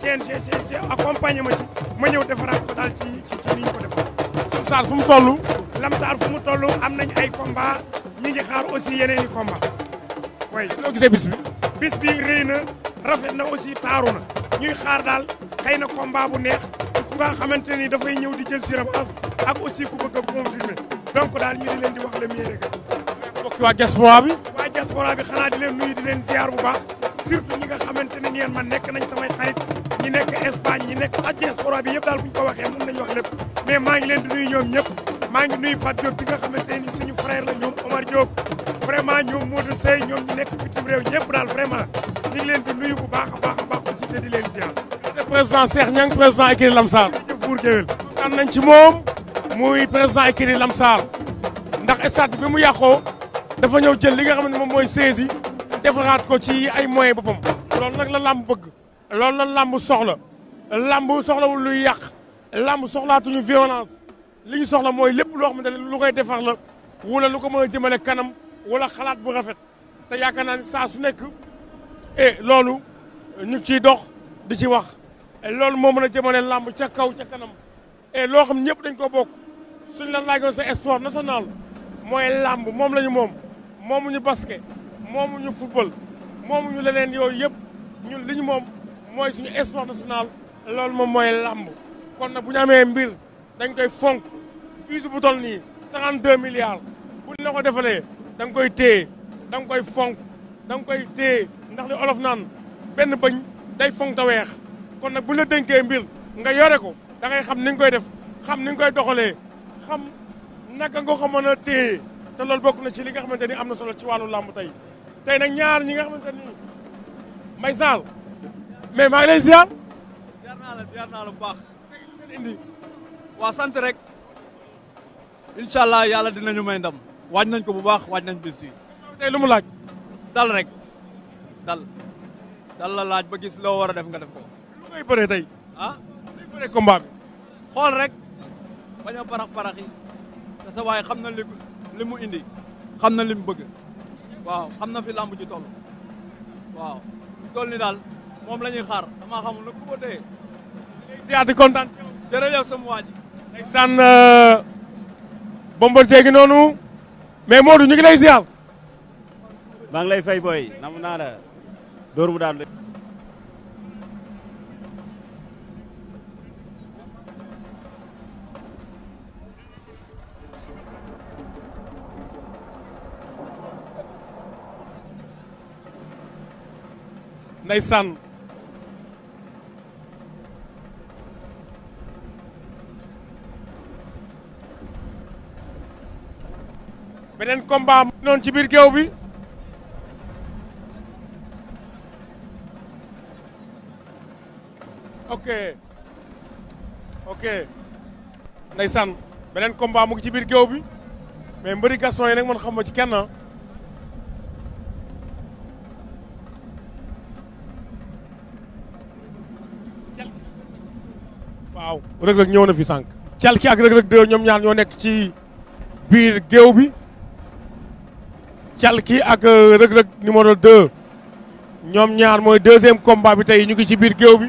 CNG CNG accompagné ma ci ma ñëw defaraat ko daal ci ci ni ñu ko defal. Lamsaar fu mu toll. Lamsaar fu mu toll am nañ ay combat ñi ngi xaar aussi yeneen i combat way loo gisee bis bi. bis bi rëy na rafet na aussi taaru na ñuy xaar daal xëy na combat bu neex ku nga xamante ni dafay ñëw di jël ci revanche ak aussi ku bëgg a confirmer donc daal ñu di leen di wax le mieux rek. mbokk waa diaspora waa diaspora xanaa di leen nuyu di leen ziar bu baax xamante ne ñeen man nekk nañ samay xarit. ñi nekk Espagne ñi nekk agence pro bi yëpp daal bu ñu ko waxee mën nañu wax lépp mais maa ngi leen di nuyu ñoom ñëpp maa ngi nuyu Pape Diop bi nga xamante ni suñu frère la ñoom Omar Diop vraiment ñoom Modou Seye ñoom ñi nekk bitim réew ñëpp daal vraiment ñu leen di nuyu bu baax a baax a baax aussi te di leen ziar. président Cheikh Niang président écurie Lamsar. jërëjëf Bour Gueweul. kontaan saat ci bi mu yàqoo dafa ñëw jël li nga xam ne moom mooy saisi defaraat ko ci ay moyens boppam loolu nag la làmb bëgg loolu la lamb soxla làmb soxlawul luy yàq soxla tuñu violence li ñu soxla mooy lépp loo xamante ne lu koy defar la wala lu ko mën a jëmale kanam wala xalaat bu rafet te yaakaar naa ne saa su nekk e loolu ñu ngi ciy dox di ci wax eh, loolu moo mën a jëmale làmb ca kaw ca kanam e loo xam ñëpp dañ ko bokk suñ la laajoon sa sport national mooy lamb moom la ñu moom moomuñu basket moomuñu football moomuñu leneen yooyu yëpp ñun li ñu moom mooy suñu sport national loolu moom mooy làmb kon nag bu ñu amee mbir dañ koy fonk use bu toll nii 32 milliards bu ñu la ko defalee danga koy téye da koy fonk da koy téye ndax li olof naan benn bëñ day fonk te weex kon nag bu ñu la mbir nga yore ko dangay xam ni nga koy def xam ni koy doxalee xam naka nga ko mën a téye te loolu bokk na ci li nga xamante ni am na solo ci wàllu làmb tey tey na ñaar ñi nga xamante ni may saal mais maa ngi lay ziar. naa la ziar naa la bu baax. indi. sant rek. incha allah yàlla dinañu may ndam. waaj nañ ko bu baax waaj nañ bis lu mu laaj. dal rek dal. dal la laaj ba gis loo war a def nga def ko. lu ngay bëree tey. ah lu ngay rek. bañ a parax parax waay xam na li indi. xam na li mu bëgg. waaw xam na fi làmb ji toll. waaw toll ni daal. moom la ñuy xaar damaa xamul lu ku ko téye. ziar di kontaan si yow. jërëjëf euh, noonu. mais Modou ñu ngi lay ziar. ngi lay fay booy na naa la dóor mu daan de. beneen combat mu ci biir géew bi. ok ok ndeysaan beneen combat mu ci biir géew bi mais mbëri Gaston yi nag man xam ma ci kenn waaw rëg-rëg ñëw na fi sànq. calki ak rëg-rëg de ñoom ñaar ñoo nekk ci biir géew bi. Calki ak euh, Reug Reug numéro 2 ñoom ñaar mooy deuxième combat bi tey ñu ngi ci biir géew bi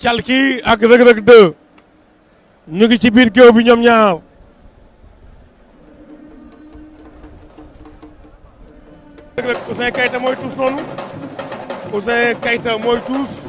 Calki ak Reug Reug 2 ñu ngi ci biir géew bi ñoom ñaar Reug Reug Ouzin Keita mooy tus noonu é Caetano Moitos,